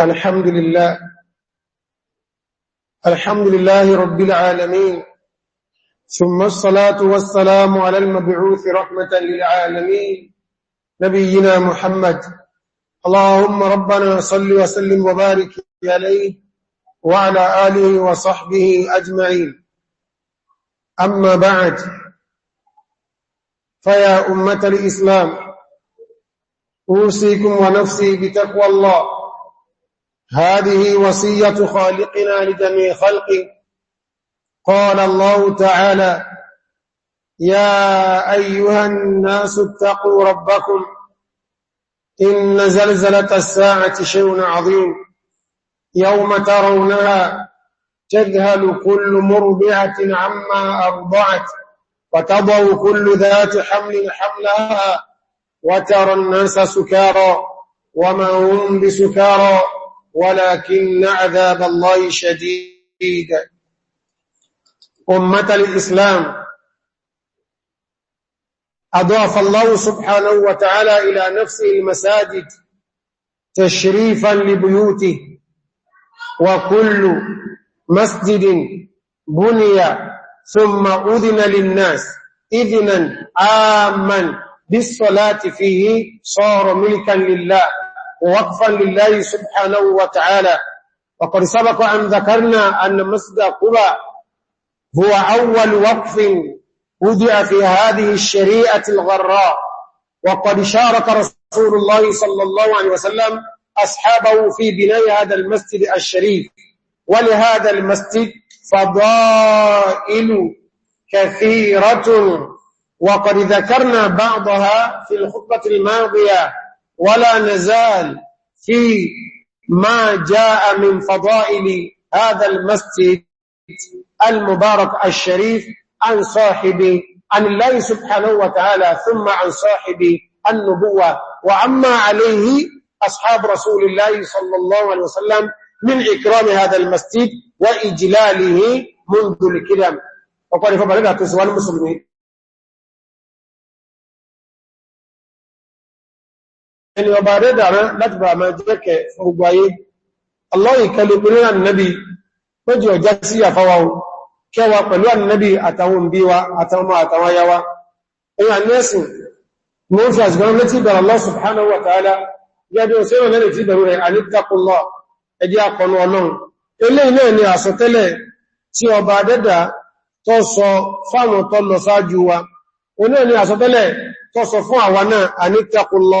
الحمد لله الحمد لله رب العالمين ثم الصلاة والسلام على المبعوث رحمة للعالمين نبينا محمد اللهم ربنا صل وسلم وبارك عليه وعلى آله وصحبه أجمعين أما بعد فيا أمة الإسلام أوصيكم ونفسي بتقوى الله هذه وصية خالقنا لجميع خلقه قال الله تعالى يا أيها الناس اتقوا ربكم إن زلزلة الساعة شيء عظيم يوم ترونها تذهل كل مربعة عما أرضعت وتضع كل ذات حمل حملها وترى الناس سكارا وما هم بسكارا ولكن عذاب الله شديد أمة الإسلام أضاف الله سبحانه وتعالى إلى نفسه المساجد تشريفا لبيوته وكل مسجد بني ثم أذن للناس إذنا عاما بالصلاة فيه صار ملكا لله ووقفا لله سبحانه وتعالى وقد سبق أن ذكرنا أن مسجد قبى هو أول وقف وضع في هذه الشريعة الغراء وقد شارك رسول الله صلى الله عليه وسلم أصحابه في بناء هذا المسجد الشريف ولهذا المسجد فضائل كثيرة وقد ذكرنا بعضها في الخطبة الماضية ولا نزال في ما جاء من فضائل هذا المسجد المبارك الشريف عن صاحب عن الله سبحانه وتعالى ثم عن صاحب النبوة وعما عليه أصحاب رسول الله صلى الله عليه وسلم من إكرام هذا المسجد وإجلاله منذ الكلام وقال فبالله تسوى المسلمين ẹni ọba rẹ̀dàrán láti bá àmà jẹ́kẹ̀ fún gbogbo ayé aláwọ̀ ìkẹlẹ̀ pẹ̀lú ànìyàn méjì ọjá sí àfáwà kẹwà pẹ̀lú ànìyàn àtàwọn òbí wa àtàwọn àtàwọn ayawa ẹ̀yà nẹ́sìn mú fi sọ fáwọn tó lọ sáájú wa oní ẹni àsọtẹ́lẹ̀ tó sọ fún àwa náà alìtàkùnlọ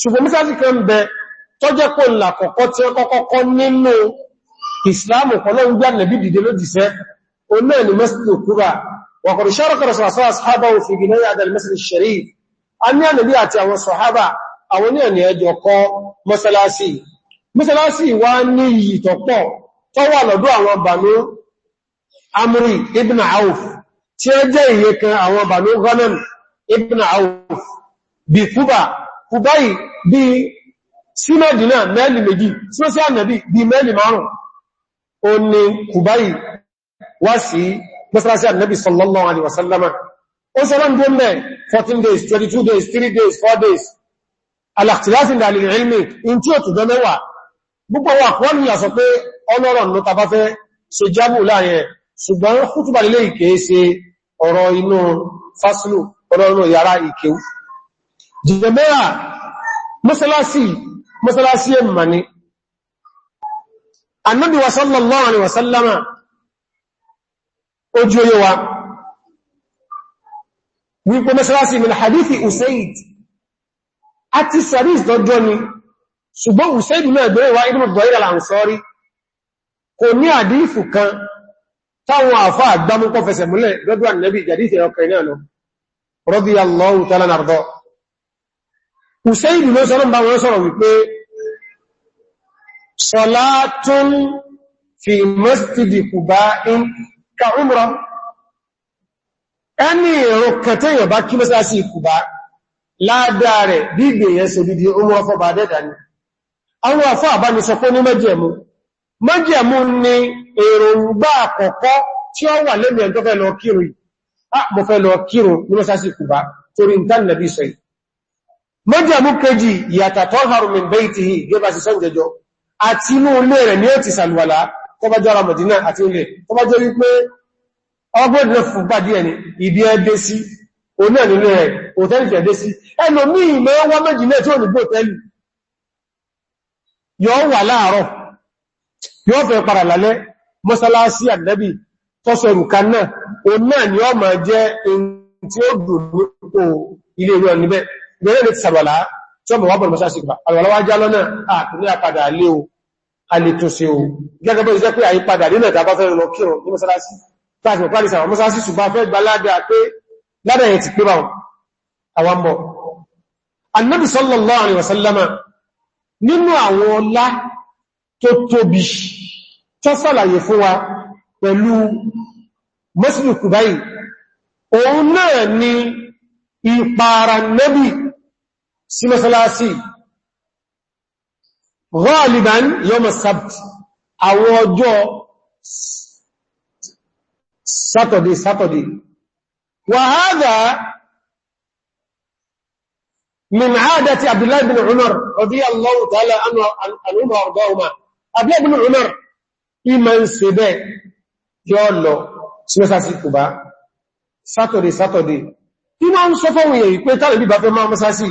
ṣùgbọ́n mítàsí kan bẹ tó jẹ́ kó ńlá kọ̀kọ́ tí ó kọ́kọ́ nínú ìsìláàmù pọ̀lọ́ ń gbá nẹ̀bí dìde lójíṣẹ́ oná ni masjid kúrà wàkọ̀rọ̀ ṣárọ̀kọ̀ sàrásàrà sàhábà ò fi gìnà yàdà masjid sharif a ní ànàbí àti àwọn sàhábà àwọn ní ẹ̀nì ẹjọ́ kọ́ mọ́sálásí mọ́sálásí wá amri ibn auf tí ó jẹ́ ìyẹkan àwọn bànú ghanam ibn auf bí kúbà kùbáyì bí sí mẹ́dínà mẹ́lì méjì tí ó sí ànàbí bí mẹ́lì márùn ó ní kùbáyì wá sí mọ́sálásí ànàbí sallallahu alaihi wasallama ó sọ́rọ̀ ń gbọ́n mẹ́ 14 days 22 days 3 days 4 days alàtìláfin dàlì ilmi in tí ó tù dọ́mẹ́wà púpọ̀ wà kọ́ jẹ́bẹ́ra mọ́sálásí mọ́sálásí ẹ̀mà ni annabi wa sallallahu alaihi wasallama ojú oyo wa wípé mọ́sálásí min hadithi usaid àti saris dọ́jọ́ ni ṣùgbọ́n usaid náà gbẹ́rẹ̀ wa ibn Dawir al-Ansari kò ní àdífù kan táwọn àfá àgbámúkọ́ fẹsẹ̀ múlẹ̀ lọ́dọ̀ annabi Hussein ló sọ́rọ̀ bá wọ́n sọ̀rọ̀ wípé Salatun fi masjidi Quba in ka umra. Ẹni èrò kẹtẹ́ yẹn bá kí mọ́sálásí Quba ládàá rẹ̀ bí gbèyàn ṣe bí di ohun ọfọ́ bá dẹ́dà ni. Àwọn àfọ́ àbáni sọ pé ní mẹ́jẹ̀mú. Mẹ́jẹ̀mú ni èròǹgbà mọ́jàmú kejì yàtàtọ́ harumin baitihi gẹ́bà sí sọ́njẹjọ́ àti inú ilé rẹ̀ ní ó ti sàlùwàlá tó bá jọra Mọ̀dínà àti ilé tó bá jọ wípé ọgbọ́dẹ̀ fúgbà díẹ̀ ni ibi ẹgbẹ́ sí onílẹ̀ rẹ̀ òtẹ́lì fẹ̀ẹ́dẹ́ sí ẹlòmíì mẹ́wàá Mọ̀dínà tí ó ní gbóòtẹ́lì yóò wà láàárọ̀ yóò fẹ́ para lálẹ́ mọ́sálásí àdẹ́bì tọ́sọ̀rù gbẹ̀rẹ̀ lè ti sàrọ̀lá tí ọmọ wà bọ̀rọ̀ mọ́sá sí gbà àrọ̀lọ́wà já lọ́nà àkùnrin ah, àpadà lé o alètòsí o gẹ́gẹ́ bó jẹ́ pé àyípadà nínú ẹ̀dà bá fẹ́ lọ kírùn ní mọ́sálásí láti mọ̀ pàdé sàwọn mọ́sálásí ṣùgbọ́n fẹ́ gba ládàá pé ládàá yẹn ti pé bá òun náà ni ìpara nẹ́bì sí mọ́sálásí ghaliban yawm as-sabt àwọn ọjọ́ saturday saturday wa hadha min 'adati abdullah ibn umar radiyallahu ta'ala anhu wa ardahuma abdullah ibn umar iman sebe tí ó lọ sí mọ́sálásí Kùbá saturday saturday tí wọ́n ń sọ fọ́wọ́ èyí pé tàbí bá máa mọ́sálásí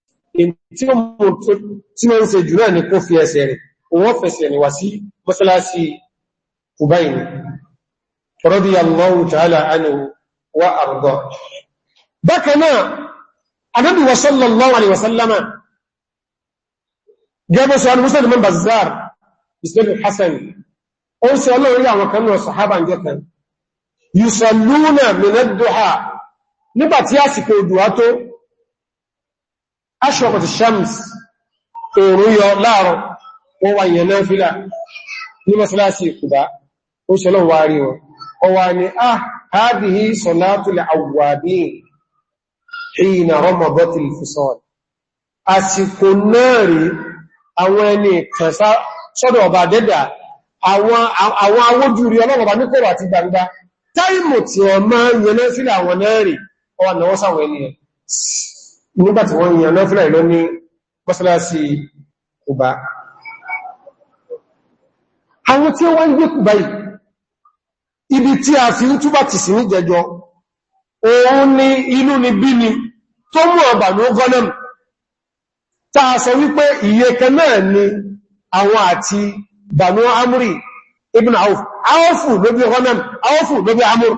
tí wọ́n ń ṣe jù náà ní kó fi ẹsẹ̀ rẹ̀ wọ́n fẹsẹ̀ ni wà sí mọ́sálásí kùbáyìn radiyallahu ta'ala anhu wa arda bákanáà Ànábì wa sallallahu alaihi wasallama gẹ́bẹ̀ sọ ọdún musulman bazar islamu hassan ó ń sọ ọlọ́rin àwọn kanáà sahaba ń aṣọ́kọ̀tí shams òòrùn yọ láàrọ̀ wọ́n wà yẹ̀ náà fílà ní masalasi ìkùdá ó ṣe lọ́n wárí wọn ọwà ni a ah, hadihi sọ̀látulẹ̀ àwàbí ìyìnà rọmọbọ́tìl fisọ́l àsìkò náà rí àwọn ẹni kànsá sọ́dọ̀ ọba dẹ́dà ní kòrò àti gbangba táìmù tí nígbàtí wọ́n yìnyàn náà fúnlẹ̀ lọ ní mọ́sálásí kùbá àwọn tí ó wá ń gbé kùbá yìí ibi tí a fi ń túbà tì sí ní jẹjọ òun ni inú ni bí ni tó mú ọ̀bà ní gọ́nàm ta sọ wípé ìyẹkẹ náà ni àwọn àti bànú amúrì ibn Auf Aufu lóbi gọ́nàm Aufu lóbi amúrì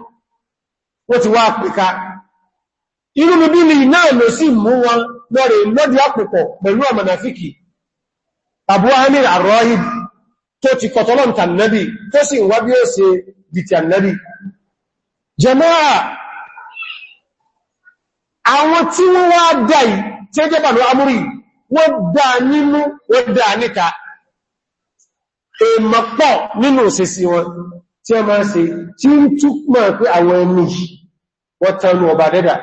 wọ́n ti wá pẹ̀ka irú mi bí lè náà lọ sí mú wọn lọ́rẹ̀ lọ́dí àpòpọ̀ pẹ̀lú àmànàfíkì Abu Amir Ar-Rahib tó ti kọtọlọ́n tànàbí tó sì wá bí ó ṣe dìtì ànàbí jẹmọ́ra àwọn tí wọ́n wá dáì tí ó jẹ́bà lọ amúrí wọ́n dá nínú wọ́n dá níta tí ó máa ṣe tí ń túnmọ̀ pé àwọn ẹni wọ́n tánú ọba dẹ́dà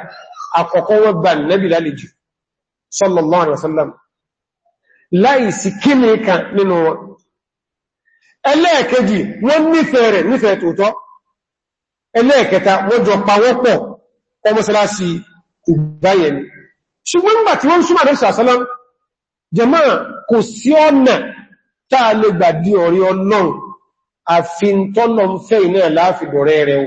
àkọ́kọ́ wọ́n gbà nẹ́bì lálejò sallallahu alaihi wasallam láìsí kí ní kan nínú wọn ẹlẹ́ẹ̀kejì wọ́n nífẹ̀ẹ́ rẹ̀ nífẹ̀ẹ́ tòótọ́ ẹlẹ́ẹ̀kẹta wọ́n jọ pawọ́pọ̀ ọmọsálásí kùbáyẹni ṣùgbọ́n nígbà tí wọ́n súnmọ̀ àdọ́sà sálám jẹmọ́ kò sí ọ̀nà táà lè gbà di ọ̀rí ọlọ́run àfintọ́lọ́ fẹ́ ìnáà láàfidọ̀rẹ́ rẹ̀ o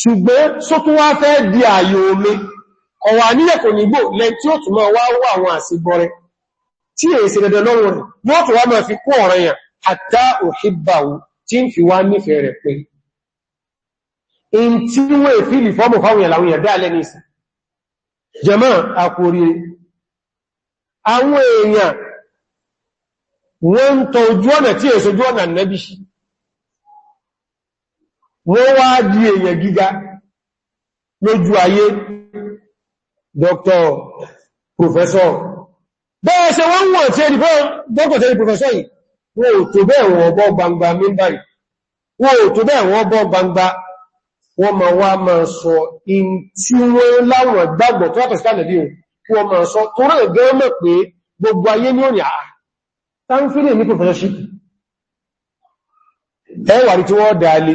ṣùgbọ́n só tún wá fẹ́ di ààyò omi ọ̀wà nílẹ̀ kò nígbò lẹ tí ó túnmọ̀ wá wà àwọn àṣìbọrẹ tí èyí sí dandan lọ́wọ́ rẹ̀ yóò tó wá mọ̀ fi kún ọ̀rọ̀ yàn àtà òhìbàwó tí ń fi wá nífẹ̀ẹ́ rẹ̀ pé in wọ́n wá di èèyàn gíga lójú ayé dr professor bẹ́ẹ̀ ṣe wọ́n wọ́n tí ẹni dr tẹ́lì professor yìí wọ́n ò tó bẹ́ẹ̀ wọ́n bọ́ gbangba mímbàrí wọ́n ò tó bẹ́ẹ̀ wọ́n bọ́ gbangba wọ́n ma wá ma sọ in tí wọ́n láwọn gbàgbọ́ tó yàtọ̀ sílẹ̀ bí wọ́n ma sọ tó rẹ̀ gẹ́ mọ̀ pé gbogbo ayé ní òní àà tán fílẹ̀ ní professorship ẹwàrí tí wọ́n dáa lé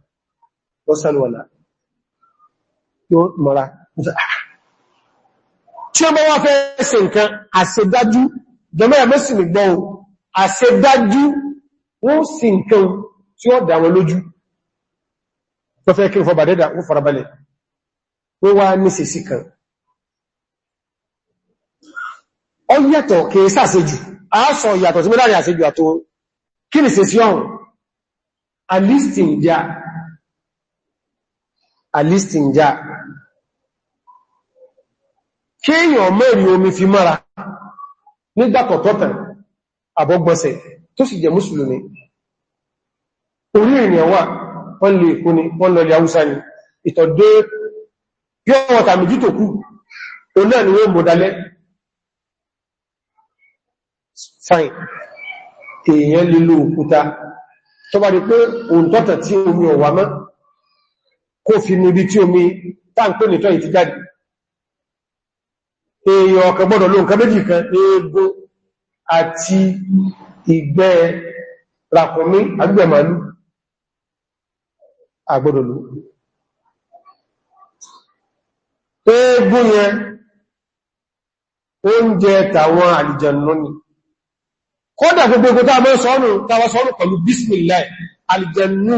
ó sàlùwàlá yóò mọ́ra tí ó bá wá fẹ́ ṣe nǹkan àṣedájú jẹmọ́ra mẹ́sìn gbọ́ àṣedájú wọ́n sì nǹkan tí ó dá wọn lójú tó fẹ́ kí n fọba dẹ́dà ó farabalẹ̀ wọ́n wá ní sèsì kan ọ yàtọ̀ kìí sàṣejù a sọ ìyàtọ̀ tí mẹ́láàrin àṣejù àtò kí ni sèsì alistinja kí èyàn mẹ́rin omi fi mara nígbàkọ̀tọ́tàn àbọ́gbọ́sẹ̀ tó sì jẹ mùsùlùmí orí ènìyàn wà wọ́n lè kú ni wọ́n lọ haúsá ni ìtọ̀dé pure water méjì tó kú o náà ni wọ́n mọ̀dálẹ́ fine èèyàn lílò òkúta tó bá rí pé kó fi níbi tí omi táǹkó nìtọ́ ìtí jáde èèyàn ọ̀kan gbọ́dọ̀ ló nǹkan méjì kan eégún àti ìgbẹ́ ràkùnmí àgbẹ̀ màálù àgbọ́dọ̀ ló eégún yẹn oúnjẹ tàwọn àlìjànnú ni kódà gbogbo tá sọ́nù tàwọn sọ́nù pẹ̀lú bismillah àlìjànnú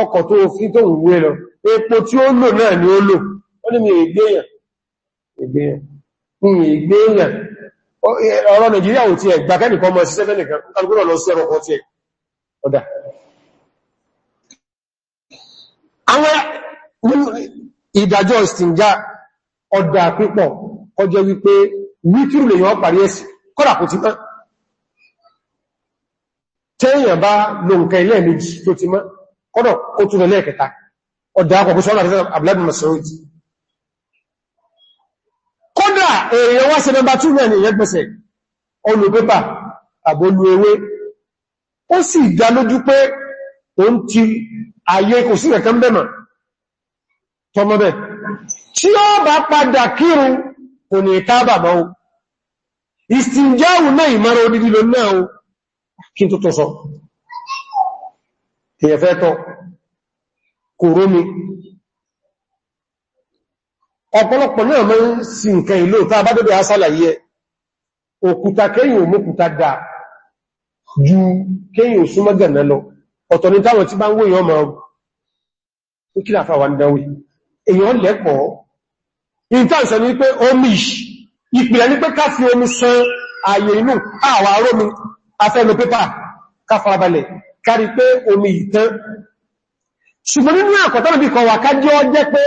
ọkọ̀ tó fi tó wù wé lọ epo tí ó lò náà ni ó lò ó ní mi ègbéyàn ègbéyàn ní ègbéyàn ọ̀rọ̀ Nàìjíríà ò ti ẹ̀gbà kẹ́nìkan mọ́ sí sẹ́fẹ́nìkan alúgbọ́n lọ sí ẹ̀rọ ọ̀tí ẹ̀ ọ̀dá àwọn ìdájọ́ ìsìnjá ọ̀dà pípọ̀ ọjọ́ wípé wítírù lè yàn parí ẹ̀sì kọ́dà kò ti mọ́ tẹ́yàn bá lo nǹkan ilẹ̀ méjì tó ti mọ́ kọ́dọ̀ ó tún lọ lẹ́ẹ̀kẹta ọ̀dá àkọ́kọ́ sọ́nà àti Abdullahi Mas'ud kódà èèyàn wá sẹ́mẹ́bà tún rẹ̀ ní ẹgbẹ̀sẹ̀ ọlù pépà àbólú ewé ó sì dá lójú pé ó ń ti ayé kò sí ẹ̀kẹ́ mẹ́mọ̀ tọmọbẹ̀ tí ó bá padà kírun kò ní káàbà mọ́ ìsìnjáwù náà ìmọ́ra odidi lọ náà kí tó tó sọ èyàn fẹ́ tọ́ kò rómi ọ̀pọ̀lọpọ̀ náà mọ́ sí nǹkan ìlò tá bá dọ́dọ̀ asálàyé òkúta kéyìn ò dà ju kéyìn ò súnmọ́ gẹ̀nà lọ ọ̀tọ̀ ní táwọn tí bá ń wó èyàn mọ́ ó kí láfà wà ń dáwé èyàn lẹ́pọ̀ ìtànsẹ̀ ní pé omi ìpìlẹ̀ ní pé ká fi omi san ààyè inú àwọn arómi afẹ́lú pépà ká farabalẹ̀ kárí pé omi ìtán ṣùgbọ́n nínú àkọ̀tọ́nà bí kan wà ká jẹ́ ọjẹ́ pé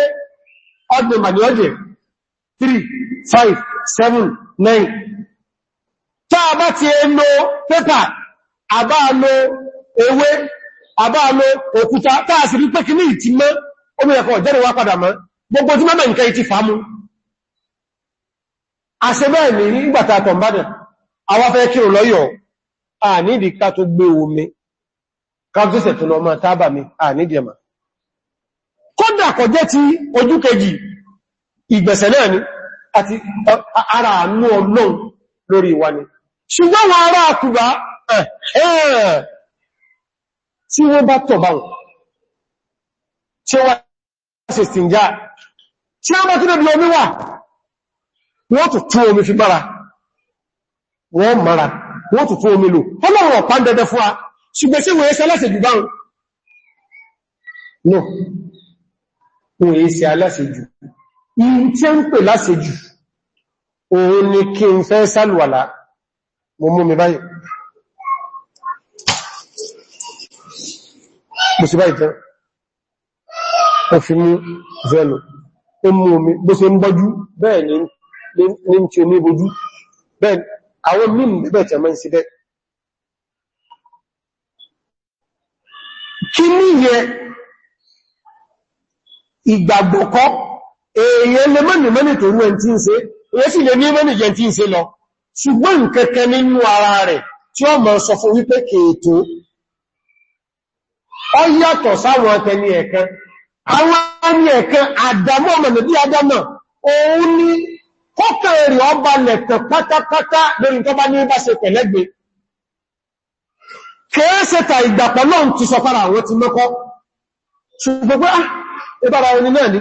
ọdún màní ọjẹ́ 3 5 7 9 tá a bá ti e lo pépà àbá lo ewé àbá lo òkúta táà sì rí pé kí ní ìtì mọ́ omi ẹ̀kọ́ ọ̀jẹ́rẹ̀ wá padà mọ́ gbogbo tí mọ́mọ̀ nǹkan ti fàámú àṣẹ́bẹ̀ẹ̀ ní ìgbàtà àtọ̀mbádà àwọn kí ò lọ́yọ̀ à ìdíkà tó gbé omi kágbésẹ̀ tó lọ máa tábà mi à ní ìdíẹ̀mà kódà kò jẹ́ ti ojú kejì ìgbẹ̀sẹ̀ náà ni àti ara àánú ọlọ́run lórí wa ni ṣùgbọ́n wọn ará àkùbá tí wọ́n bá tọ̀ bá wọn tí wọ́n ṣe sìnjá tí a máa kí lóbi omi wà wọ́n tó tún omi fi mara wọ́n mara wọ́n tó tún omi lò ọlọ́run ọ̀pá dẹdẹ fún wa ṣùgbẹ́ sí wọ́n ẹsẹ́ aláṣẹ́jù báhùn náà wọ́n ẹsẹ́ aláṣẹ́jù yìí tí ó ń pè láṣẹ́jù òun ni kí n fẹ́ sálùwàlá mo mú mi báyìí mo sì báyìí tán ó fi mú vẹ́lù ó mú omi bó ṣe ń bọ́jú bẹ́ẹ̀ ni ń tí omi bojú bẹ́ẹ̀ àwọn mímú bẹ́ẹ̀ tẹ̀ mọ́ sí bẹ́ẹ̀ kí níyẹ ìgbàgbọ́kọ́ èèyàn lè mọ́nì mọ́nì tó rú ẹn tí ń ṣe èyẹ́ sì lè ní mọ́nì jẹ tí ń ṣe lọ ṣùgbọ́n nkẹ́kẹ́ nínú ara rẹ̀ tí ó mọ̀ sọ fún wípé kèètò ọ yàtọ̀ sáwọn ẹni ẹ̀kan kẹ́ẹ́sẹ̀ta ìgbàpọ̀ náà ti sọ fara àwọn ti mọ́kọ́ ṣùgbọ́n pé ah, ẹni náà ní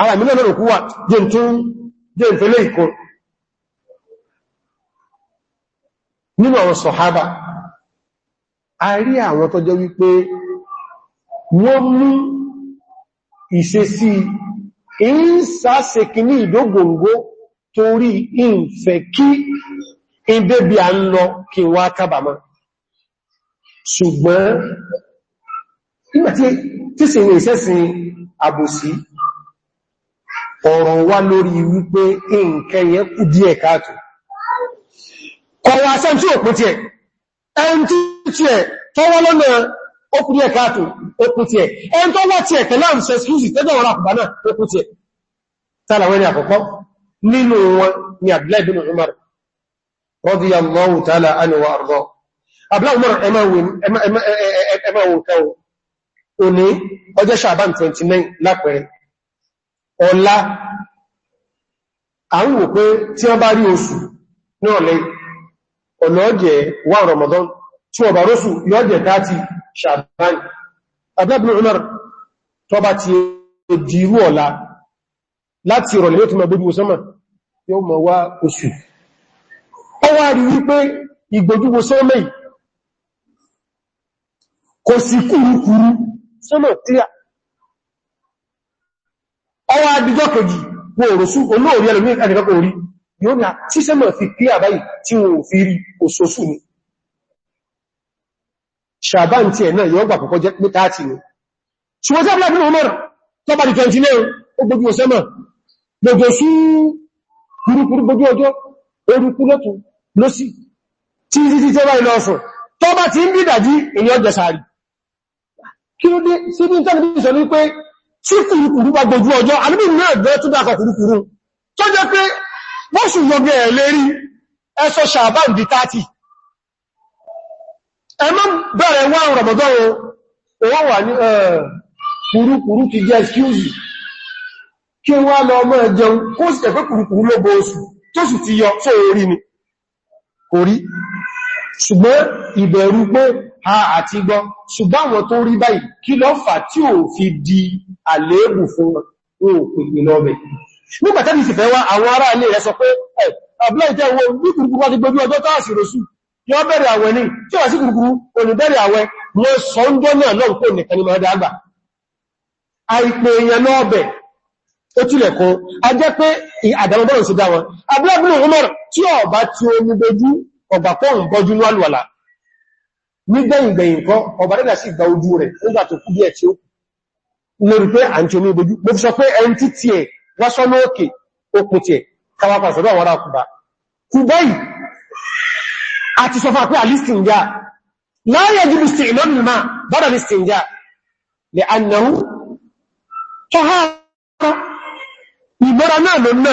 ara ìmìnà lọ́rọ̀ kú jẹ́ ìfẹ́lẹ̀ ìkọ́ nínú àwọn sọ̀hábà a rí àwọn tó wípé wọ́n mú ìṣesí ìsáṣekìní torí ìfẹ́ kí à ń lọ kí ṣùgbọ́n nígbàtí tí sì ní ìṣẹ́sìn àbòsí ọ̀rọ̀ wá lórí wípé nǹkan yẹn kù díẹ̀ káàtù kọwa sẹ́m tí òpin tí ẹ̀ ẹn tí tí ẹ̀ tọ́wọ́ lọ́nà ókùn díẹ̀ káàtù ókùn tí ẹ̀ ẹn tó wá tí ẹ̀ tẹ̀lá ń sẹ skúsì tẹ́jọ́ wọn àkùbá náà ókùn tí ẹ̀ tààlàwẹ́ ni àkọ́kọ́ nínú wọn ni Abdullahi bin Umar radiyallahu ta'ala anhu wa ardahu Abúlá Umar ẹmọ́wò kẹwò, òní ọjọ́ Ṣàbán 29 lápẹẹrẹ. Ọ̀la, a ń wò pé tí wọ́n bá rí oṣù ní ọ̀lẹ́, ọ̀nà ọjẹ́ wà Ramadan, tí wọ́n bá rọ́sù yọ́jẹ́ dáti Ṣàbán. Abúlá Umar tó bá ti dìrú ọ̀la láti ìrọ̀lẹ́ ló ti mọ̀ gbójú sọ́mà kò sí kúrúkúrú sólò tíyà ọwọ́ adìjọ́ kejì wọ́n òrò sú olóòrí ẹlòmí ẹ̀dẹ̀kọ́kọ́ orí yóò ní sísẹ́mọ̀ fi pí àbáyì tí wọ́n fi rí òṣòṣù ní ṣàbán tí ẹ̀ náà yóò gbà pọ̀pọ̀ jẹ́ pé táàtì ní ṣùgbọ́n tí tọ́bá ti ń bí ìdàjí èyàn jẹ sàárì kí ló dé sí ní tẹ́lẹ̀ sọ ní pé tí kùrùkùrù bá gbójú ọjọ́ alúbì náà bẹ́ tó dákọ̀ kùrùkùrù tó jẹ́ pé wọ́n sùn yọ gẹ̀ẹ́ lérí ẹsọ Ṣàbáàn di 30 ẹ má bẹ̀rẹ̀ wọ́n Ramadan wọ́n wà ní kùrùkùrù ti jẹ́ excuse kí wá lọ mọ́ ẹjẹun kó sì ẹ̀fẹ́ kùrùkùrù ló oṣù tó sì ti yọ sóorí ni kò rí ṣùgbọ́n ìbẹ̀rù pé a àti gbọ́ ṣùgbọ́n àwọn tó rí báyìí kí ló fà tí ò fi di àléébù fún òpìpì lọ́bẹ̀. nígbàtàbí sì fẹ́ wá àwọn ará ilé rẹ̀ sọ pé ẹ̀ ọ̀bílẹ̀ ìjẹ́ owó ní kùrùkùrù wá ti gbójú ọjọ́ táàsì rọ̀sù yọ bẹ̀rẹ̀ àwẹ̀ ní tí wà sí kùrùkùrù olùbẹ̀rẹ̀ àwẹ̀ mọ́ sọ́ndọ́ náà lọ́rùn ó tilẹ̀ kan ọgbà pọ́ ń gọjú ní àlùwàlá nígbẹ̀yìngbẹ̀yìn kan ọba dẹ́dà sì gba ojú rẹ̀ nígbà tó kú díẹ̀ tí ó kù lórí pé à ń tí omi ìbojú mo fi sọ pé ẹni tí tiẹ̀ wá sọ́nà òkè okùn tiẹ̀ káwàpá sọ́dọ̀ àwọn ará kùbá kùbá yìí àti sọ fún àpé àlìsìnjá láyé jùlù sí ìlọ́nà máa bọ́dọ̀ lìsìnjá lè annáwó tó há ìgbọ́ra náà lónà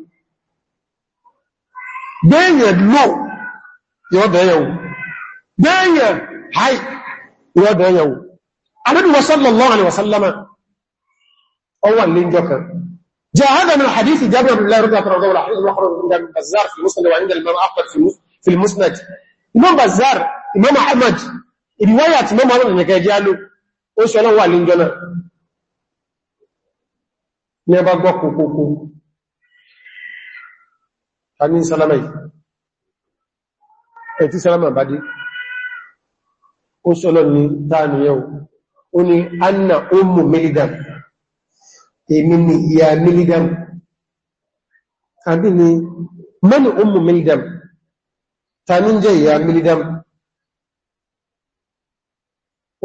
gbẹ́yàn lò yọ́ bẹ̀yàwó gbẹ́yàn haì yọ́ bẹ̀yàwó Ànábì sallallahu alaihi wasallama ọwà lè jọka jẹ́ hada min hadithi Jabir bin Abdullah radiyallahu anhu wa hadithu makhraj min Ibn Bazzar fi Musnad wa inda Imam Ahmad fi Musnad Imam Bazzar Imam Ahmad riwaya ti Imam Ahmad ne kaje alu o so ta ní sálámà yìí ẹ̀tí sálámà bá dé ó sọ́lọ́ ní táàníyàn ó ní anna ummu miligan èmi ni ìyá miligan tàbí ni mẹ́ni ummu miligan ta jẹ́ ìyá miligan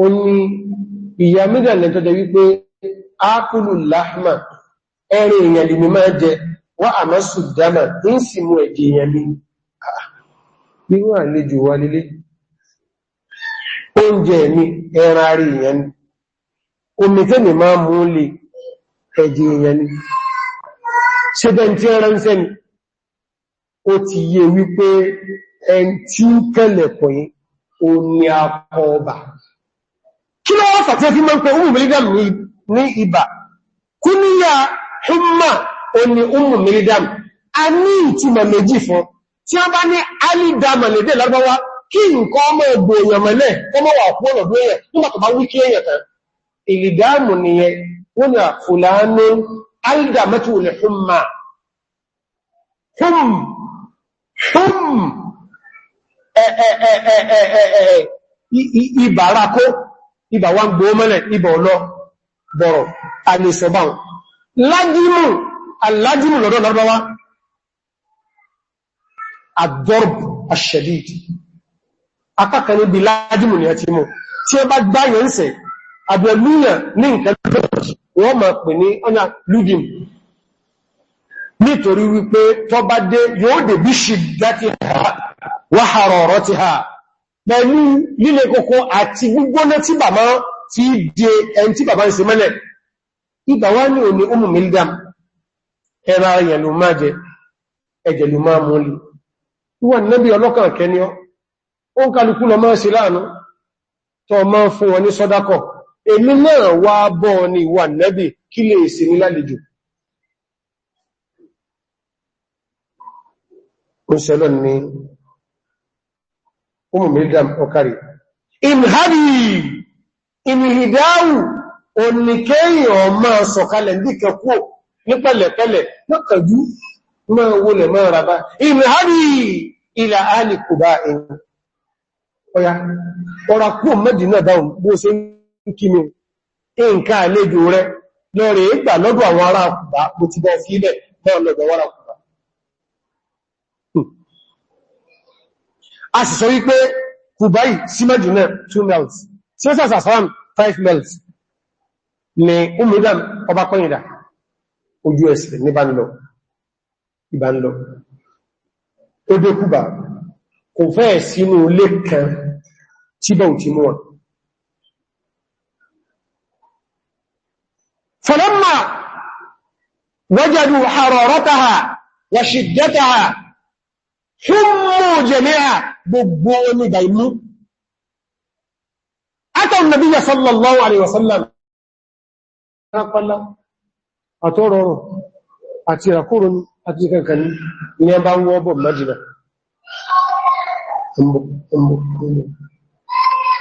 ó ní ìyá miligan lẹ́tọ́jẹ́ wípé ákùlù láhmà ẹ̀rẹ̀ ìyàlì wọ́n àmọ́sù dámà ní sì mú ẹ̀dì èèyàn mi nínú ah, àlejò wà nílé oúnjẹ mi ẹran àrí èèyàn ni omi tẹ́mì máa mú lè ẹ̀dì èèyàn ni ṣe bẹ́ tí ẹran ń sẹ́ni ó ti yé wípé ẹn tí ń kẹ́lẹ̀ pọ̀yìn ó ní akọ ọba kí lọ́wọ́ fàtí ẹ mọ́ pé ní ibà kú níyà húnmà ó ní umu miridam a ní ìtumọ̀ méjì fún tí a bá ní alidama lédè lágbọ́wá kí nǹkan ọmọ ẹgbò èèyàn mẹ́lẹ̀ ọmọ wà fún ọ̀dọ̀ èèyàn nígbà tó bá wí èèyàn tán ìlìdáàmù nìyẹn wọ́n ni àfùlánú alidamatu lè humma hum hum ìbàrakó ìbà wa gbó mẹ́lẹ̀ ọlọ́ bọ̀rọ̀ alájúrù lọ́dọ̀ lọ́rọ̀wá àdọ́rb àṣẹ̀dìdì apákan níbi lájúrù ní ẹ̀tí mọ̀ tí ó bá gbáyẹ̀ ń sẹ̀ àbẹ̀lúyà ní nǹkan wọ́n ma pè ní ọ́nà lúdìm nítorí wípé bá yóò bí wa ha pẹ̀lú kòkó àti gbígbóná tí ti dé ẹni tí bàbá ń mẹ́lẹ̀ ìgbà wá ní òní ẹra ẹ̀yẹ̀lú máa jẹ ẹjẹ̀lú máa mú lè wọ́n nẹ́bí ọlọ́kàn kẹni ọ́ ó ń kálukú lọ máa sí láàánú tó máa ń fún wọn ní sọ́dákọ̀ èmi náà wá bọ́ ní wà nẹ́bí kí lè sí ní lálejò ìmìhàdì ìmìhìdáwù máa sọ̀kalẹ̀ ní kẹkùn ní pẹ̀lẹ̀pẹ̀lẹ̀ mọ́kànjú máa wọlé máa rà bá ìrìnhárì ilẹ̀ alìkùbá ẹ̀yìn ọya ọ̀rà kú mẹ́dínà dáun bó ṣe ń kí mi ẹ̀ǹkà àlejò rẹ lọ́rẹ̀ ìgbà lọ́dọ̀ àwọn ará kùbá bó ti bọ́ sí ilẹ̀ náà lọ́dọ̀ wọ́n kùbá a sì sọ wípé umm kùbá ojú ẹsẹ̀ ní bá ń lọ ìbá ń lọ ó dé kúbà kò fẹ́ sínú ilé kan tíbọ̀ tí mú wọn falamma wajadu hararataha wa shiddataha hummu jami'a gbogbo onígbà imú atan nabiyya sallallahu alaihi wasallam àtọ́rọrùn àti ìràkúrò ní àti kankan ní ẹbá ń wọ́bọ̀ májìlá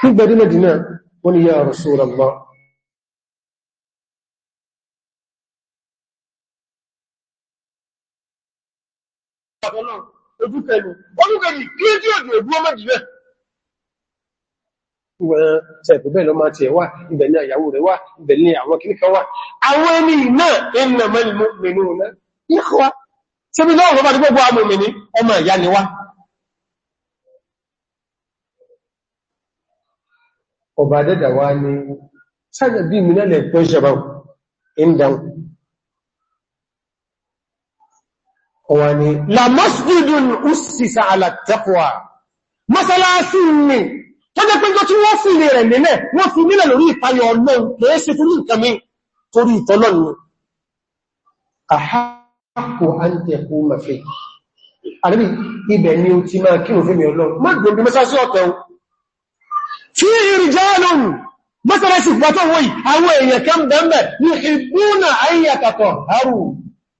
nígbẹ̀dí mẹ́dínà wọ́n ni yá Rasulullah Olúkẹ̀lú, olúkẹ̀lú, kí é tí ó dùn ẹ̀bú ọmọ sẹ̀kùbẹ́ lọ máa tiẹ̀ wà ibẹ̀ ní àyàwó rẹ̀ wà ibẹ̀ ní àwọn kìníkà wà àwọn ẹni náà ẹnà mẹ́lìmú mẹ́lú náà ìkọwà tí bí lọ́wọ́ bá gbogbo amòmì ní ọmọ ni wá ọba dẹ́dà wá ní tó jẹ́ pé tí wọ́n fi ilé rẹ̀ nílẹ̀ wọ́n fi nílẹ̀ lórí ìpayọ̀ ọlọ́run kìí ṣe torí nǹkan mi torí ìtọ́lọ́run àhákò àǹtẹ̀kù mafẹ́ àríbí ibẹ̀ ni o ti máa kírò fún mi ọlọ́run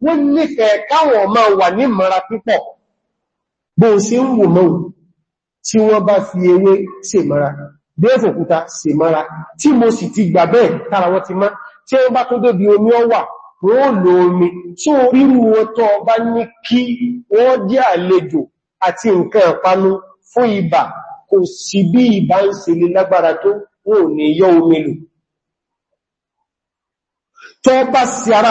wọ́n nífẹ̀ẹ́ káwọn máa wà ní mara pípọ̀ bóò sí ń wò mọ́un tí wọ́n bá fi ewé ṣe mara bẹ́ẹ̀fẹ̀ òkúta ṣe mara tí mo sì ti gbà bẹ́ẹ̀ tara wọn ti má tí wọ́n bá tó débi omi ọwà wọ́n lò omi tí ó ríru ọtọ́ bá ní kí wọ́n jẹ́ àlejò àti nǹkan ẹ̀panu fún ibà kò sí bí ibà ń ṣe lè lágbára tó wọ́n ní yọ omi lò tó bá sí ara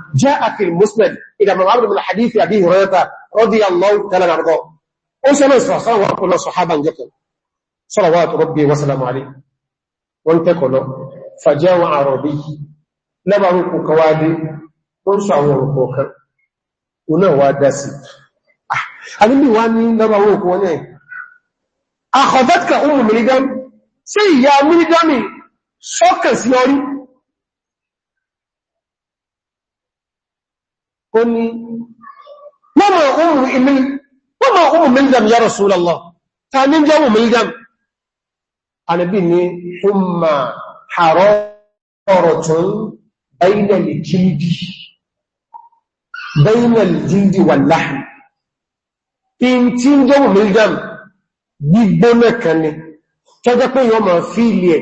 جاء في المسند إلى من عبد من حديث أبي هريرة رضي الله تعالى عنه أسلم صلى الله عليه وسلم صحابا جدا صلوات ربي وسلام عليه وانتقل فجاء عربي لبرك كوادي ورسع وركوكا ونوى داسي أنا بيواني لبرك ونين أخذتك أم مليدام سيئة مليدامي سوكا سيوري ó ní wọ́mọ̀ ọmọ milgam ya Rasulallah ta ní jẹ́ ọmọ milgam Ànábì ní ọmọ àrọ ọ̀rọ̀ tún bẹ́ẹ̀lẹ̀ jíndì bẹ́ẹ̀lẹ̀ jíndì wà láhì in tí ń jẹ́ ọmọ milgam gbígbóná kan ni tọ́jẹ́ pé yọ ma fíìlì ẹ̀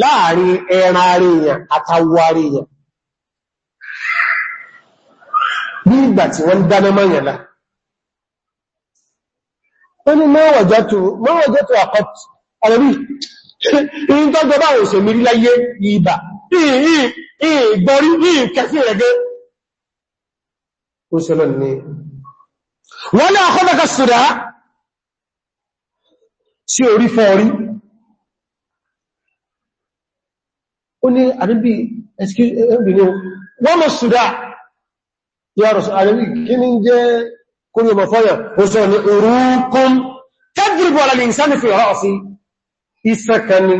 láàrin ẹran àríyàn àtàwọ̀ àríyàn bí ìgbà tí wọ́n dáná mọ́yànlá wọ́n ni mọ́wọ̀jọ́tò àkọ́t ọ̀rọ̀bí ìyìn tó gbọ́ báwọn òṣè mìírí láyé ìbà ìgbọ́rí ìkẹsí rẹ̀gẹ́ òṣèlọ ni wọ́n ní àkọ́dọ̀kọ́ sùdá sí orí fọ́ọ̀rí ó ní àdúgbì ya rasulari kíni jẹ́ kúrò mafáyà ó sọ ní orúkún tẹ́gbìrìbò alàlè ìsáni fi ọ̀rọ̀ ọ̀fí ìsẹ́kẹni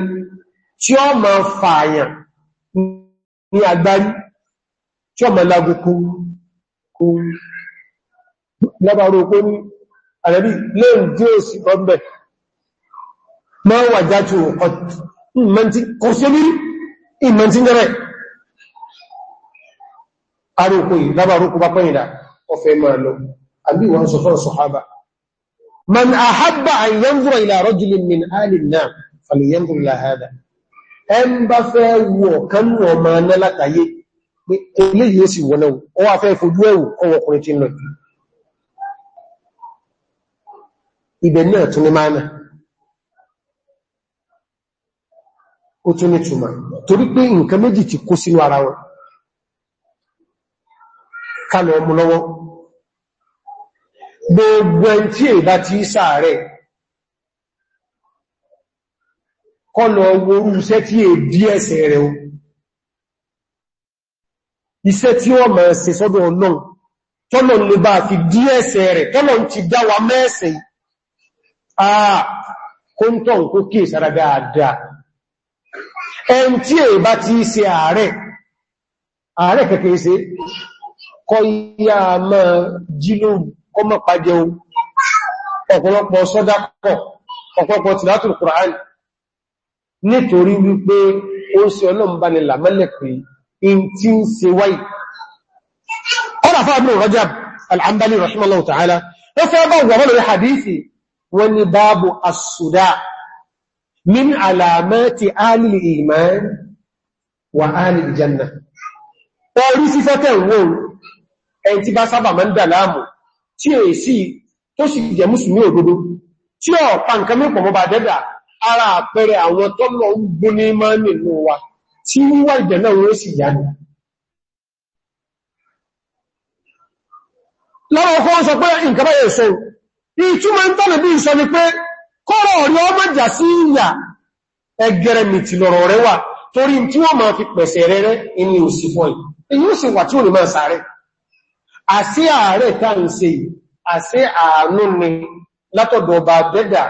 tí ó ma fààyàn ní agbárí tí ó ma lágún kú lábàrú okó ní àrẹ́bí lóòrùn tí ó sì ọ̀bẹ̀ ma wà játù ọ̀tí arókò yìí lábàrókò bá pẹ́yìnà ọfẹ́ máa lọ àbí wọ́n sọ fọ́rọ̀ sọ̀hábà man ahabba an yanzura ila rajulin min alin náà falyanzur ila hada ẹn bá fẹ́ wọ kan wọ ma ná látàyé pé ilé yìí sì wọ́n náà ọ wá ní máa ó tún ní túnmà torí pé nǹkan méjì ti kó sínú ara wọn kálọ̀ ọmọ lọ́wọ́ gbogbo ẹn tí è bá ti sàárẹ̀ kọlọ̀ worú iṣẹ́ tí è dí ẹsẹ̀ rẹ̀ o iṣẹ́ tí wọ́n máa ṣe sọ́dọ̀ ọlọ́run tọ́lọ̀ lè bá fi dí ẹsẹ̀ rẹ̀ tọ́lọ̀ ti dá wa mẹ́ẹ̀sẹ̀ àà kó ṣe kọ́ yá mọ́ jílòrù kọ́ mọ́ pàjẹ ohun ọ̀pọ̀lọpọ̀ sọ́dápọ̀ ọ̀pọ̀lọpọ̀ tìlátùl Kùránì nítorí wípé ó sì ọlọ́mbanilà mẹ́lẹ̀ pé in ti ń ṣe wáyì kọ́nà fún Ibn Rajab al-Hanbali rahimahullahu ta'ala min alamati alil iman wa alil janna orí sífẹ́tẹ̀ wọ́n ẹni tí bá sábà máa ń dà láàmú tí è sí tó sì jẹ́ mùsùlùmí òdodo tí ó pa nǹkan mẹ́pọ̀ mọ́ bá dẹ́dà ara àpẹẹrẹ àwọn tọ́lọ ń gún ní máa nínú wa tí wíwá ìjẹ̀ náà wọ́n sì yá ní lọ́wọ́ kọ́ sọ pé nǹkan báyẹ̀ sọ ìtumọ̀ ń tọ́nà bí sọ ni pé kọ́rọ̀ rí ọmọ jà sí ìyà ẹgẹrẹ mìtì lọ̀rọ̀ rẹ wà torí tí wọ́n máa fi pẹ̀sẹ̀ rẹ inú òsì fọ́ yìí èyí ó sì wà tí ò ní máa sáré àṣí ààrẹ tàn ṣe àṣí àánú ni látọ̀dọ̀ ọba dẹ́dà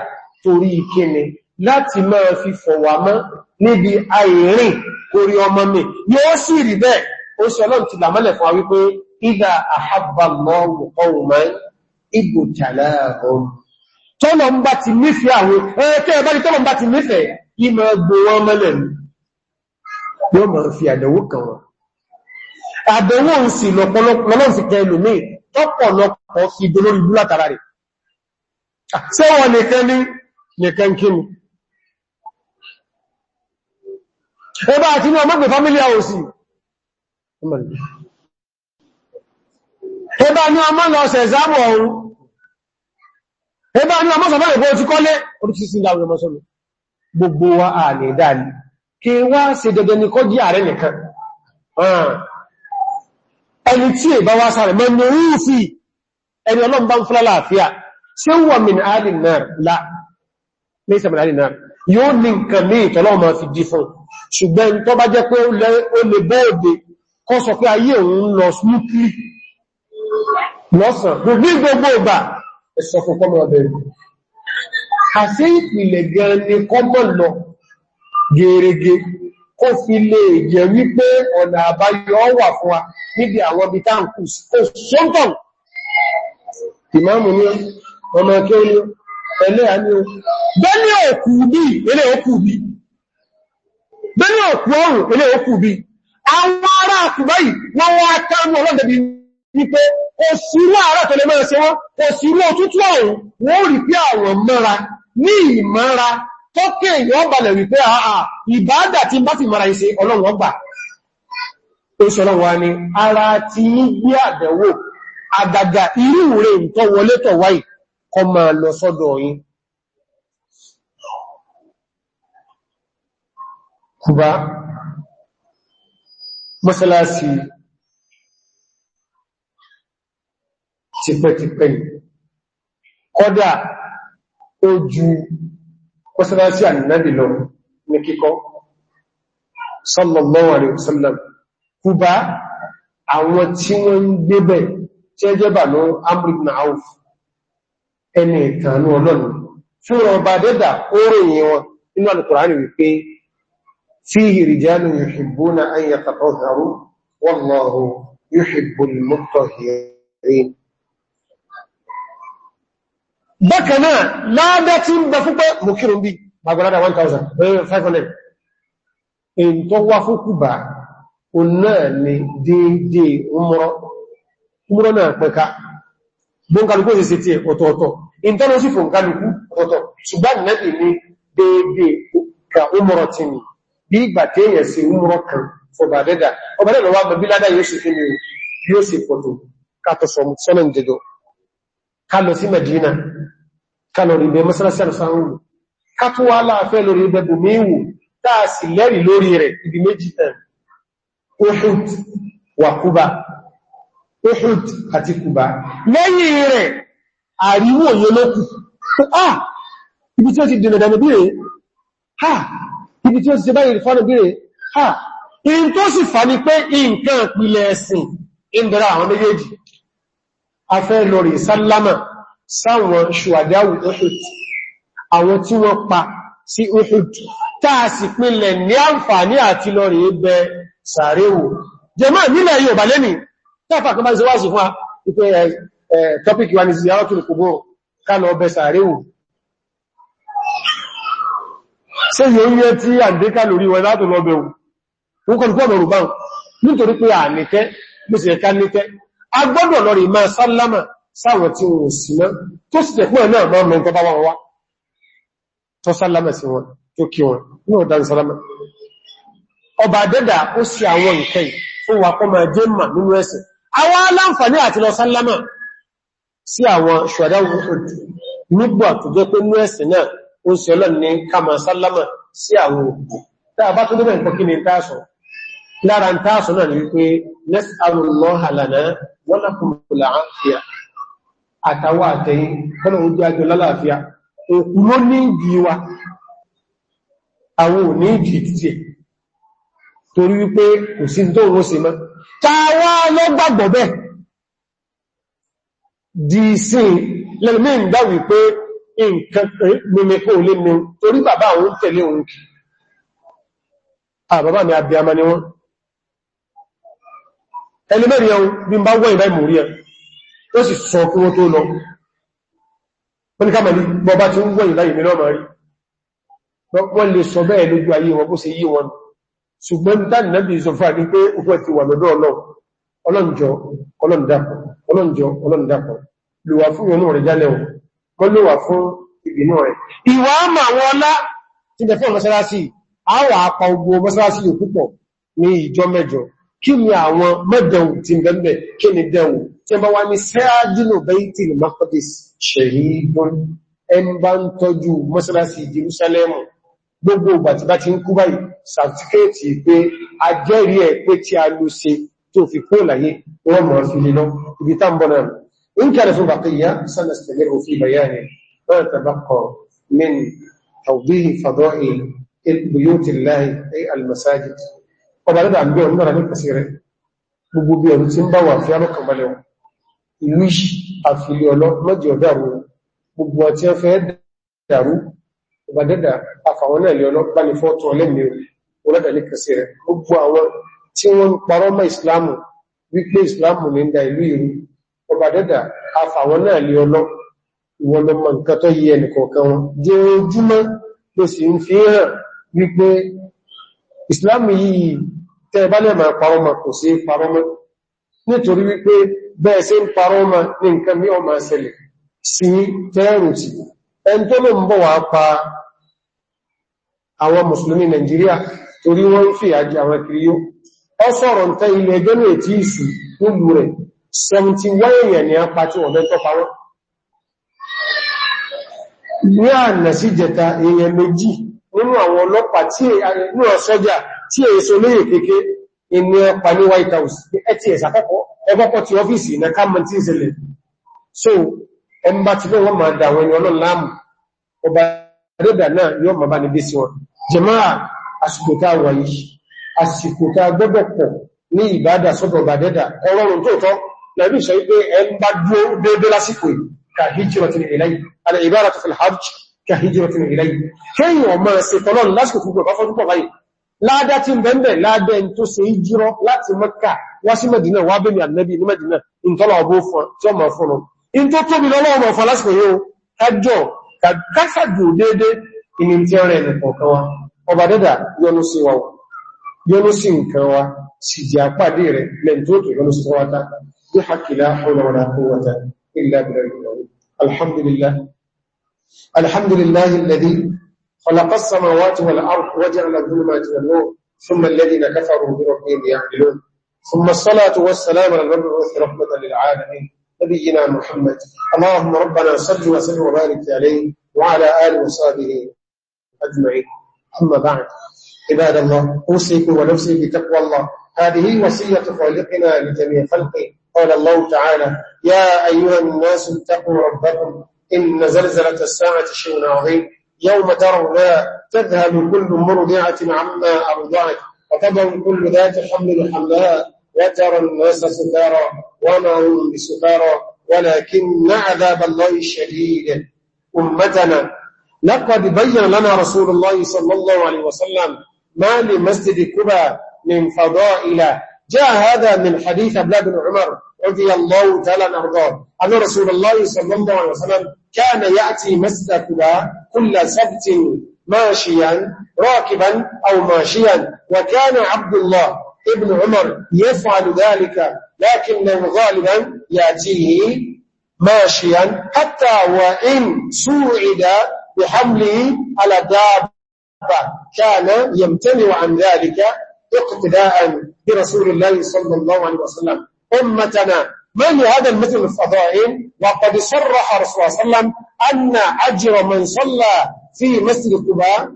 torí ìkíni láti máa fi fọ̀wà mọ́ níbi àìrìn orí ọmọ mi yóò sì rí bẹ́ẹ̀ ó sì ọlọ́run ti làmọ́lẹ̀ fún wípé ìdá ahabballahu qauman ibtalahum tọ́lọ ń bá ti nífẹ̀ẹ́ àwọn ẹ̀ẹ́kẹ́ ẹ̀bá fi àdẹ̀wò kan àdánwò ń sì lọ́pọ̀lọpọ̀ fi kẹ ẹlòmí tọ́pọ̀lọpọ̀ fi dolórí búlátara rẹ̀ ṣe wọ́n nìkan ní nìkan kíni ẹbá àti ní ọmọ family house ẹbá ní ọmọ lọ sẹ̀zámù ọ̀run ẹbá ní ọmọ sọ̀fẹ́ ìbò ti kọ́lé orísìsí láwọn ọmọ sọ́lọ gbogbo wa ààrẹ dáadé kí wá ṣe dẹ̀dẹ̀ ní kọ́ jí ààrẹ nìkan ẹni tí èbá wá sáré mọ́ ní orí sí ẹni ọlọ́run bá ń fún láàáfíà ṣe wọ́n min alin náà la lẹ́sẹ̀ min alin náà yóò ní nǹkan ní ìtọ́lọ́run máa fi dí fún ṣùgbọ́n tó bá jẹ́ pé ó lè bẹ́ẹ̀dẹ̀ kọ́ sọ pé ayé òun lọ kó fi lè jẹ́ wípé ọ̀nà àbáyọ wà fún wa níbi àwọn ibi tá ń kù sóńtàn ìmáàmù ní ọmọ ẹkẹ́ ní ẹlẹ́à ní bẹ́ni òkú bí ilé òkú bí bẹ́ni òkú ọrùn ilé òkú bí àwọn ará àkùbá yìí wọ́n wá kánú ọlọ́dẹ̀bí wípé kò sírú àárá tó lè mẹ́rẹ̀ sí wọ́n kò sírú òtútù ọ̀rùn wọ́n rí pé àwọn mọ́ra ní ìmọ́ra tó kí èyàn balẹ̀ wípé àà ìbádà tí bá fi mara ìṣe ọlọ́run ọgbà ó sọ́lọ́ wa ni ara ti ní gbé àdẹ̀wò àdàgà irú rẹ̀ tó wọlé tọ̀ wáyì kọ máa lọ sọ́dọ̀ yín kúbá mọ́sálásí tipẹ́tipẹ́ kọ́dà ojú mọ́sánásí ànìyàn lọ ní kíkọ́ sallallahu alaihi wasallam kúbá àwọn tí wọ́n ń gbébẹ̀ tí ẹjẹ́ bà ló amrik na auf ẹni ìtànú ọlọ́nà fún ọba dẹ́dà oòrìyìn wọn inú alùkùránì bákanáà láàdá tí ń bẹ fún pé mo kírùn bí bagbàládà 1,500 èyí tó wá fún kúbà o náà ni dédé umrọ umrọ náà pẹ̀ka bóńkàlùkú sí sí ti ọ̀tọ̀ọ̀tọ̀ ìntọ́nà sí fún kálùkú ọ̀tọ̀ ṣùgbọ́n nẹ́bì ni dédé ka umrọ ti ni bí ìgbà téèyàn sí umrọ kan fọba dẹ́dà ọbẹ̀dẹ̀ lọ́wọ́ mọ̀ bí ládá yóò sì fi ni yóò sì pọ̀tù lọ sí Mẹdínà ká lọ rí bẹ mọ́sánásí àrùsáwò ká tó wá láàfẹ́ lórí ibẹ̀ bò míwò táà sì lẹ́rì lórí rẹ̀ ibi méjì tàn Uhud wà Kúbà Uhud àti Kúbà lẹ́yìn rẹ̀ àríwò yẹ lókù ah ibi tí ó ti dìnà dànà bíire ha ibi tí ó ti ṣe báyìí fánà bíire ha in tó sì fà ní pé nǹkan pìlẹ̀ ẹ̀sìn ìbẹ̀rẹ̀ àwọn méjèèjì afẹ́ lórí sálámà sáwọn ṣùwàdáwù Uhud àwọn tí wọ́n pa sí Uhud táà sì pínlẹ̀ ní àǹfààní àti lọ rí bẹ sàréwò jẹmọ́ nílẹ̀ yóò bà lẹ́nì tẹ́fà kan bá ń sọwọ́sì fún ipé tọ́pìkì wa ní ziyaratul qubur ká lọ bẹ sàréwò ṣe yóò yẹ tí àdékà lórí wọn látò lọ bẹ̀wò wọ́n kọ́ agbọ́dọ̀ lọ rí máa sálámà sáwọn tí wọ́n sì mọ́ tó sì jẹ̀ pẹ́ náà máa mẹ́ta bá wọ́n wá tó sálámà sí wọn tó kí wọn ní ọ̀dán sálámà ọba dẹ́dà ó sì àwọn nǹkan fún wa kọ́ máa jẹ́ mà nínú ẹ̀sẹ̀ àwọn aláǹfààní àti lọ sálámà sí àwọn ṣùgbọ́dá nígbà tó jẹ́ pé náà ni wípé nẹ́sàrùn lọ́hàlànà wọ́n lápùlù àáfíà àtàwà àtẹ̀yìn kọ́nà ó jẹ́ àjọ lálàáfíà òkú ló ní ìdí wa àwọn ò ní ìdí títí ẹ̀ torí wípé kò sí tó òun sí mọ́ tàwà lọ gbàgbọ́ bẹ́ẹ̀ di sí lẹ́lẹ́mí ìgbà wípé nǹkan mímẹ́kọ́ olé mi torí bàbá òun tẹ̀lé òun kì àbàbà mi àbíamá ni wọ́n ẹni mẹ́rin ẹun bí n bá wọ́n ìbá ìmòrí ẹ̀ ó sì sọ kí wọ́n tó lọ wọ́n ní ká màá ní bọba tí ó wọ́n láyé mìíràn máa rí wọ́n lè sọ bẹ́ẹ̀ lójú ayé wọn bó ṣe yí wọn ṣùgbọ́n dáni nábi sọ fà ní pé òkú ti wà lọ́dọ̀ ọlọ́njọ́ ọlọ́ndàpọ̀ ọlọ́njọ́ ọlọ́ndàpọ̀ lò wà fún ìrònú rẹ̀ jálẹ̀ wọn lò wà fún ìbínú rẹ̀ ìwà àmà àwọn ọlá tí bá wá ní sẹ́ájínú baitil maqdis ṣehidun ẹn bá ń tọ́jú mọ́sálásí jerusalemu gbogbo bàtí bá ti ń kú báyìí sàtíkẹ́ẹ̀tì pé a jẹ́rí ẹ̀ pé tí a ló se tó fi kó láyé wọ́n mọ̀ sí lílọ ibi tá ń bọ̀ náà in kẹ́rẹ̀ fún bàkíyà sánàstẹ̀lẹ̀ òfin bayani wọ́n tàbàkọ̀ min tawdihi gbogbo bí ọdún tí ń bá wà fi alọ́kànbalẹ̀ wọn ìlú àfilé ọlọ́mọ́jì ọ̀dàrú gbogbo ọtí ẹfẹ́ dàrú ọbàdẹ́dà afàwọn náà lè ọlọ́pàá fọ́tún ọlẹ́mìí orílẹ̀-èdè kẹsì rẹ̀ gbogbo àwọn tí wọ́n ń parọ́ mọ́ ìsìláàmù wípé ìsìláàmù ní ìdá ìlú ìrú ọbàdẹ́dà afàwọn náà lè ọlọ́ ìwọlọmọ nǹkan tó yí ẹnìkọ̀ọ̀kan wọn jẹ́ ojúmọ́ nítorí wípé bẹ́ẹ̀ sí ń parọ́ ma ní nǹkan ní ọmọ ṣẹlẹ̀ sí tẹ́rùtì ẹn tó ló bọ̀ wá pa àwọn torí wọ́n fi àjẹ àwọn kìrìyó ọ sọ̀rọ̀ tẹ́ ilẹ̀ ẹjọ́ ní ètí ìsù nílùú rẹ̀ 71 èèyàn ni a pa tí wọ́n mẹ́tọ́ parọ́ ní ànà sí jẹta èèyàn méjì nínú àwọn ọlọ́pàá tí èèyàn sọ́jà inú ẹpa ní White House ets àkọ́kọ́ ẹgbọ́pọ̀ ti ọ́fíìsì ìnà káàmùn tí ìṣẹ̀lẹ̀ so ẹmbá ti lọ́wọ́ ma dà wọn ọlọ́n láàmù ọba rẹ̀dà náà yóò ma bá ní bẹ́sí wọn jẹmáà àsìkò tá wà yìí àsìkò tá gbọ́dọ̀ pọ̀ ní ìbádà sọ́dọ̀ bà dẹ́dà ọlọ́run tóòtọ́ lẹ́bí sọ pé ẹmbá dúó déédé lásìkò kàhíjìrọ̀tìn ìlẹ́yìn alẹ́ ìbára tó fẹ́ láàdá tí ń bẹ̀m̀bẹ̀ láàdá ẹni tó ṣe ìjírọ́ láti Mẹ́kà wá sí Mẹ́dínà wá bẹ̀mì ànábì ní Mẹ́dínà ìntọ́lọ̀ ọbọ̀ fún tí ọmọ fún un in tó tóbi lọ́wọ́ fún lásìkò yóò ẹjọ́ kásàgbò déédé ìní tí ọrẹ ẹ̀nìkọ̀ọ̀kan wa ọba dẹ́dà yọ́nú sí wa yọ́nú sí nǹkan wa sì jẹ́ àpàdé rẹ̀ خلق السماوات والأرض وجعل الظلمات والنور ثم الذين كفروا بربهم يعدلون ثم الصلاة والسلام على المبعوث رحمة للعالمين نبينا محمد اللهم ربنا صل وسلم وبارك عليه وعلى آله وصحبه أجمعين أما بعد عباد الله أوصيكم ونفسي بتقوى الله هذه وصية خالقنا لجميع خلقه قال الله تعالى يا أيها الناس اتقوا ربكم إن زلزلة الساعة شيء عظيم يوم ترونا تذهب كل مرضعة عما أرضعت وتضع كل ذات حمل حملها وترى الناس سكارى وما هم بسكارى ولكن عذاب الله شديد أمتنا لقد بين لنا رسول الله صلى الله عليه وسلم ما لمسجد كبا من فضائل جاء هذا من حديث أبلا بن عمر رضي الله تعالى عنه أن رسول الله صلى الله عليه وسلم كان يأتي مسجد كبا كل سبت ماشيا راكبا أو ماشيا وكان عبد الله ابن عمر يفعل ذلك لكنه غالبا يأتيه ماشيا حتى وإن سوعد بحمله على دابة كان يمتنع عن ذلك اقتداء برسول الله صلى الله عليه وسلم أمتنا ما هذا المثل الفضائل وقد صرح رسول الله صلى الله عليه وسلم أن أجر من صلى في مسجد قباء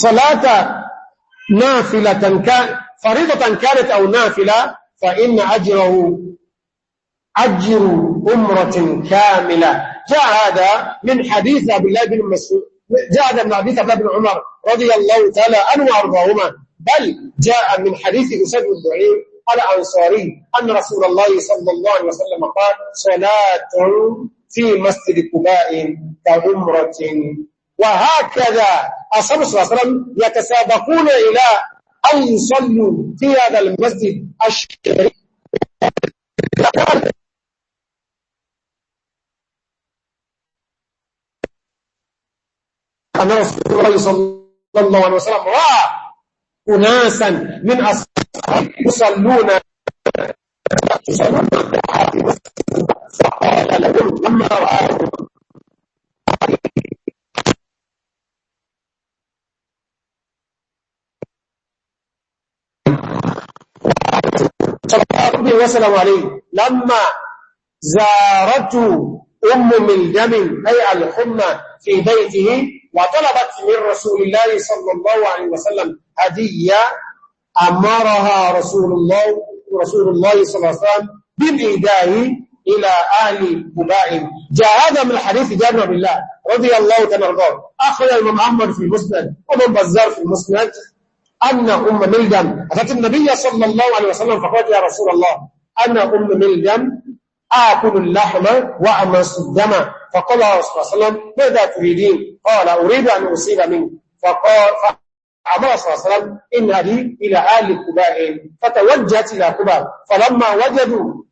صلاة نافلة فريضة كانت أو نافلة فإن أجره أجر أمرة كاملة جاء هذا من حديث عبد الله بن مسعود جاء هذا من حديث عبد الله بن عمر رضي الله تعالى عنه وأرضاهما بل جاء من حديث أسد الضعيف قال أنصاري أن رسول الله صلى الله عليه وسلم قال صلاة في مسجد قباء كعمرة وهكذا الصحابة صلى الله عليه وسلم يتسابقون إلى أن يصلوا في هذا المسجد الشريف أن رسول الله صلى الله عليه وسلم رأى أناسا من أصحابه يصلون يصلون فقال لهم لما وسلم عليه لما زارته أم من دم أي الحمى في بيته وطلبت من رسول الله صلى الله عليه وسلم هدية أمرها رسول الله رسول الله صلى الله عليه وسلم بإيدائه إلى أهل قباء جاء هذا من الحديث جابر بن الله رضي الله تعالى عنه أخرج الإمام أحمد في المسند ومن بزار في المسند أن أم ملجم أتت النبي صلى الله عليه وسلم فقالت يا رسول الله أن أم ملجم آكل اللحم وأمس الدم فقال الله صلى الله عليه وسلم ماذا تريدين قال أريد أن أصيب منك فقال فأمر صلى الله عليه وسلم إن أبي إلى آل كباء فتوجهت إلى كباء فلما وجدوا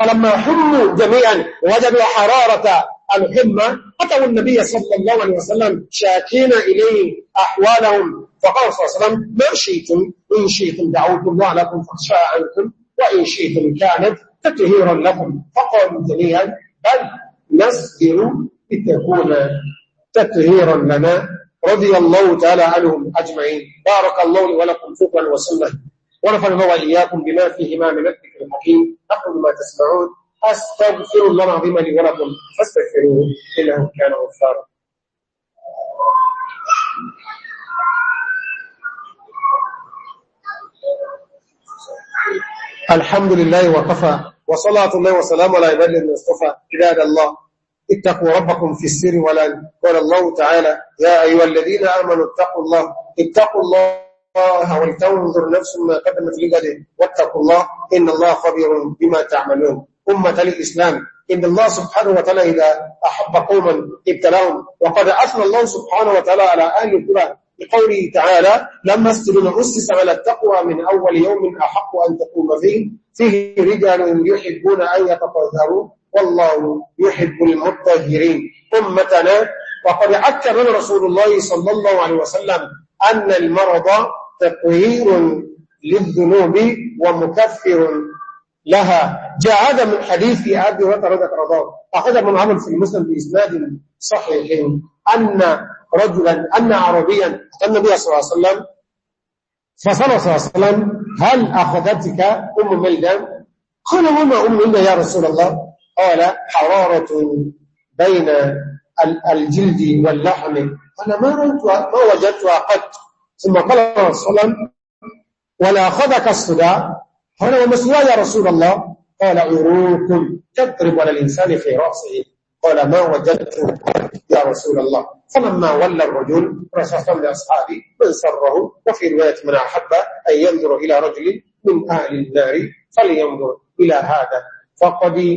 فلما حموا جميعا وجدوا حرارة الحمى أتوا النبي صلى الله عليه وسلم شاكين إليه أحوالهم فقال صلى الله عليه وسلم ما شئتم إن شئتم دعوت الله لكم فخشى عنكم وإن شئتم كانت تطهيرا لكم فقالوا جميعا بل نسجر لتكون تطهيرا لنا رضي الله تعالى عنهم أجمعين بارك الله لي ولكم في وسنه ونفعل الله وإياكم بما فيهما من الذكر الحكيم أقول ما تسمعون أستغفر الله العظيم لي ولكم فاستغفروه إنه كان غفارا Thank you. الحمد لله وكفى وصلاة الله وسلام على عباد الله المصطفى عباد الله اتقوا ربكم في السر ولا قال الله تعالى يا أيها الذين آمنوا اتقوا الله اتقوا الله ولتنظر نفس ما قدمت لغده واتقوا الله إن الله خبير بما تعملون أمة الإسلام إن الله سبحانه وتعالى إذا أحب قوما ابتلاهم وقد أثنى الله سبحانه وتعالى على أهل القرى لقوله تعالى لما السجن أسس على التقوى من أول يوم أحق أن تقوم فيه فيه رجال يحبون أن يتطهروا والله يحب المطهرين أمتنا وقد أكد رسول الله صلى الله عليه وسلم أن المرض تطهير للذنوب ومكفر لها جاء هذا من حديث أبي هريرة رضاك رضاك أخذ من عمل في المسلم بإسناد صحيح أن رجلا أن عربيا أتى النبي صلى الله عليه وسلم فصلى صلى الله عليه وسلم هل أخذتك أم ميلان قال وما أم إلا يا رسول الله قال حرارة بين الجلد واللحم قال ما رأيتها ما وجدتها قط ثم قال صلى الله عليه وسلم ولا أخذك الصداع قال وما يا رسول الله قال عروق تضرب على الإنسان في رأسه قال ما وجدت يا رسول الله فلما ولى الرجل رشفا لأصحابه من سره وفي رواية من أحب أن ينظر إلى رجل من أهل النار فلينظر إلى هذا فقد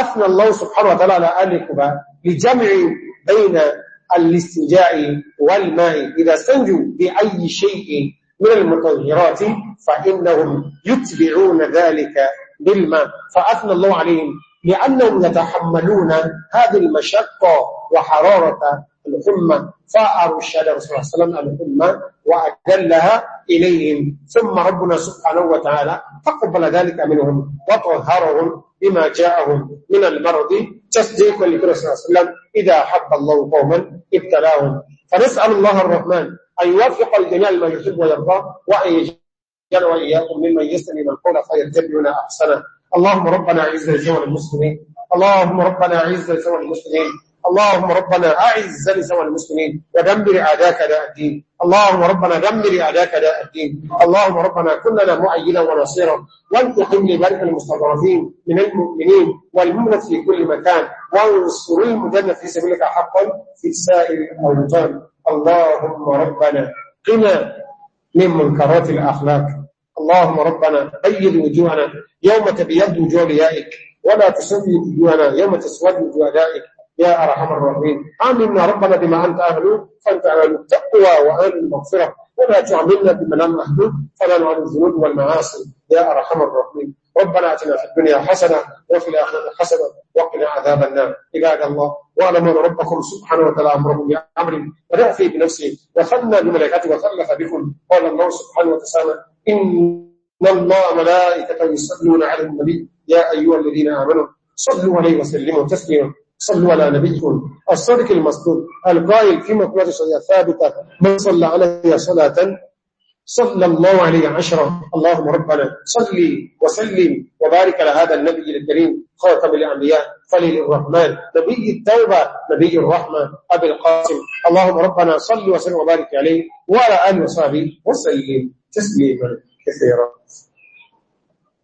أثنى الله سبحانه وتعالى على آل قبى لجمع بين الاستنجاء والماء إذا استنجوا بأي شيء من المطهرات فإنهم يتبعون ذلك بالماء فأثنى الله عليهم لأنهم يتحملون هذه المشقة وحرارة الأمة الشهادة رسول الله صلى الله عليه وسلم الأمة وأدلها إليهم ثم ربنا سبحانه وتعالى تقبل ذلك منهم وطهرهم بما جاءهم من المرض تصديقا لكل صلى الله عليه وسلم إذا حب الله قوما ابتلاهم فنسأل الله الرحمن أن يوفق الجميع لما يحب ويرضى وأن يجعل وإياكم ممن يستمع القول فيتبعون أحسنه اللهم ربنا اعز لسوى المسلمين اللهم ربنا اعز لسوى المسلمين اللهم ربنا اعز لسوى المسلمين ودمر اعداءك لا الدين اللهم ربنا دمر اعداءك لا الدين اللهم ربنا كلنا معينا ونصيرا وانتقم لبرك المستضعفين من المؤمنين والمؤمنات في كل مكان وانصر المجند في سبيلك حقا في سائر الاوطان اللهم ربنا قنا من منكرات الاخلاق اللهم ربنا بيض وجوهنا يوم تبيض وجوه ليائك ولا تسود وجوهنا يوم تسود وجوه أدائك يا أرحم الراحمين آمنا ربنا بما أنت اهل فأنت أهل التقوى وأهل المغفرة ولا تعملنا بما لم أهله فلا نعلم الذنوب والمعاصي يا أرحم الراحمين ربنا اتنا في الدنيا حسنه وفي الاخره حسنه وقنا عذاب النار عباد الله واعلموا ان ربكم سبحانه وتعالى امره بامر بدا في بنفسه وثنى بملائكته وثلث بكم قال الله سبحانه وتعالى إن الله ملائكته يصلون على النبي يا أيها الذين آمنوا صلوا عليه وسلموا تسليما صلوا على نبيكم الصدق المصدوق القائل في مقبرة صلية ثابتة من صلى عليه صلاة صلى الله عليه عشرة اللهم ربنا صلي وسلم وبارك على هذا النبي الكريم خاتم الأنبياء خليل الرحمن نبي التوبة نبي الرحمة أبي القاسم اللهم ربنا صلي وسلم وبارك عليه وعلى آله وصحبه وسلم just label as errors.